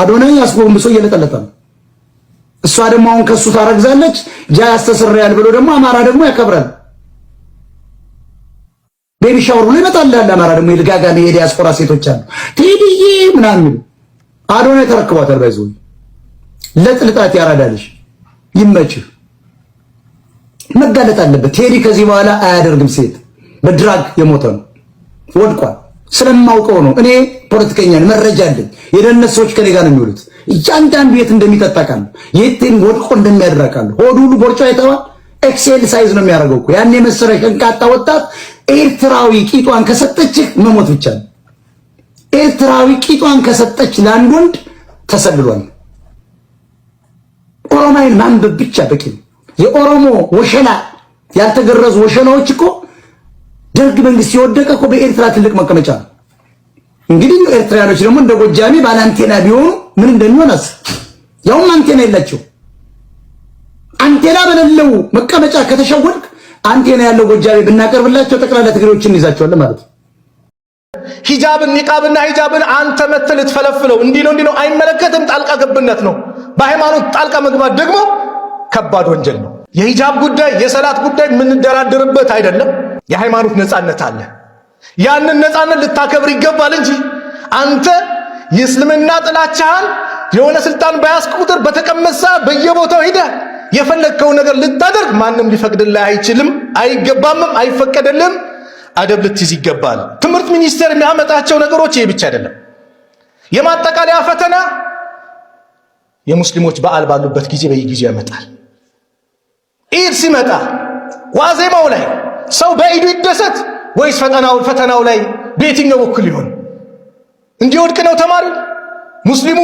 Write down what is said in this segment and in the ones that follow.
አዶናይ አስጎንብሶ እየለጠለጠ ነው። እሷ ደግሞ አሁን ከሱ ታረግዛለች። ጃ ያስተሰርያል ብሎ ደግሞ አማራ ደግሞ ያከብራል። ቤቢ ሻወር ብሎ ያለ አማራ ደግሞ የልጋጋና የዲያስፖራ ሴቶች አሉ። ቴዲዬ ምናምን አዶናይ ተረክቧታል። ባይዞ ለጥልጣት ያራዳልሽ ይመችህ። መጋለጥ አለበት ቴዲ። ከዚህ በኋላ አያደርግም። ሴት በድራግ የሞተ ነው፣ ወድቋል። ስለማውቀው ነው እኔ ፖለቲከኛ ነኝ፣ መረጃ አለኝ። የደህንነት ሰዎች ከኔ ጋር ነው የሚውሉት። እያንዳንዱ የት እንደሚጠጣቃሉ፣ የትን ወድቆ እንደሚያደርጋሉ። ሆዱ ሁሉ ቦርጫ አይተዋል። ኤክሴል ሳይዝ ነው የሚያደርገው እኮ ያን የመሰለ ሸንቃጣ ወጣት ኤርትራዊ ቂጧን ከሰጠችህ መሞት ብቻ ነው። ኤርትራዊ ቂጧን ከሰጠች ለአንድ ወንድ ተሰልሏል። ኦሮማይን ማንበብ ብቻ በቂ ነው። የኦሮሞ ወሸላ ያልተገረዙ ወሸላዎች እኮ ደርግ መንግስት የወደቀ እኮ በኤርትራ ትልቅ መቀመጫ ነው። እንግዲህ ኤርትራያኖች ደግሞ እንደ ጎጃሜ አንቴና ቢሆኑ ምን እንደሚሆን ያውም አንቴና የላቸው። አንቴና በሌለው መቀመጫ ከተሸወድክ አንቴና ያለው ጎጃሜ ብናቀርብላቸው ጠቅላላ ትግሬዎችን እንይዛቸዋለን ማለት ነው። ሂጃብን ኒቃብና ሂጃብን አንተ መተህ ልትፈለፍለው እንዲህ ነው እንዲህ ነው አይመለከትም። ጣልቃ ገብነት ነው። በሃይማኖት ጣልቃ መግባት ደግሞ ከባድ ወንጀል ነው። የሂጃብ ጉዳይ የሰላት ጉዳይ የምንደራደርበት አይደለም። የሃይማኖት ነፃነት አለ። ያንን ነፃነት ልታከብር ይገባል እንጂ አንተ የእስልምና ጥላቻህን የሆነ ስልጣን በያዝክ ቁጥር በተቀመጥ በየቦታው ሄደ የፈለግከው ነገር ልታደርግ ማንም ሊፈቅድልህ አይችልም፣ አይገባምም፣ አይፈቀደልም። አደብ ልትይዝ ይገባል። ትምህርት ሚኒስቴር የሚያመጣቸው ነገሮች ይሄ ብቻ አይደለም። የማጠቃለያ ፈተና የሙስሊሞች በዓል ባሉበት ጊዜ በየጊዜው ያመጣል። ኢድ ሲመጣ ዋዜማው ላይ ሰው በኢዱ ይደሰት ወይስ ፈተናው ፈተናው ላይ በየትኛው በኩል ይሆን? እንዲወድቅ ነው ተማሪው ሙስሊሙ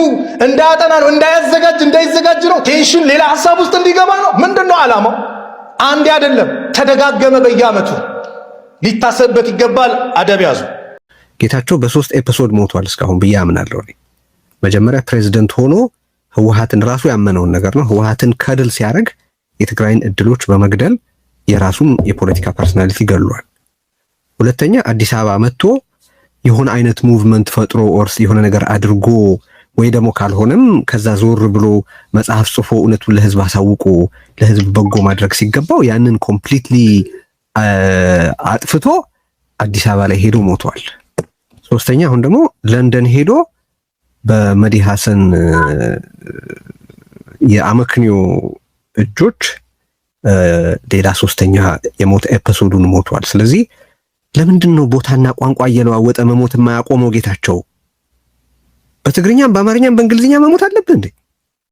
እንዳያጠና ነው እንዳያዘጋጅ እንዳይዘጋጅ ነው ቴንሽን ሌላ ሀሳብ ውስጥ እንዲገባ ነው ምንድን ነው ዓላማው አንድ አይደለም ተደጋገመ በየአመቱ ሊታሰብበት ይገባል አደብ ያዙ ጌታቸው በሶስት ኤፒሶድ ሞቷል እስካሁን ብዬ አምናለሁ መጀመሪያ ፕሬዚደንት ሆኖ ህወሀትን ራሱ ያመነውን ነገር ነው ህወሀትን ከድል ሲያደርግ የትግራይን እድሎች በመግደል የራሱም የፖለቲካ ፐርሶናሊቲ ገሏል። ሁለተኛ አዲስ አበባ መጥቶ የሆነ አይነት ሙቭመንት ፈጥሮ ኦርስ የሆነ ነገር አድርጎ ወይ ደግሞ ካልሆነም ከዛ ዞር ብሎ መጽሐፍ ጽፎ እውነቱን ለህዝብ አሳውቆ ለህዝብ በጎ ማድረግ ሲገባው ያንን ኮምፕሊትሊ አጥፍቶ አዲስ አበባ ላይ ሄዶ ሞቷል። ሶስተኛ አሁን ደግሞ ለንደን ሄዶ በመዲ ሀሰን የአመክንዮ እጆች ሌላ ሶስተኛ የሞት ኤፒሶዱን ሞቷል። ስለዚህ ለምንድን ነው ቦታና ቋንቋ እየለዋወጠ መሞት የማያቆመው ጌታቸው? በትግርኛም በአማርኛም በእንግሊዝኛ መሞት አለብን እንዴ?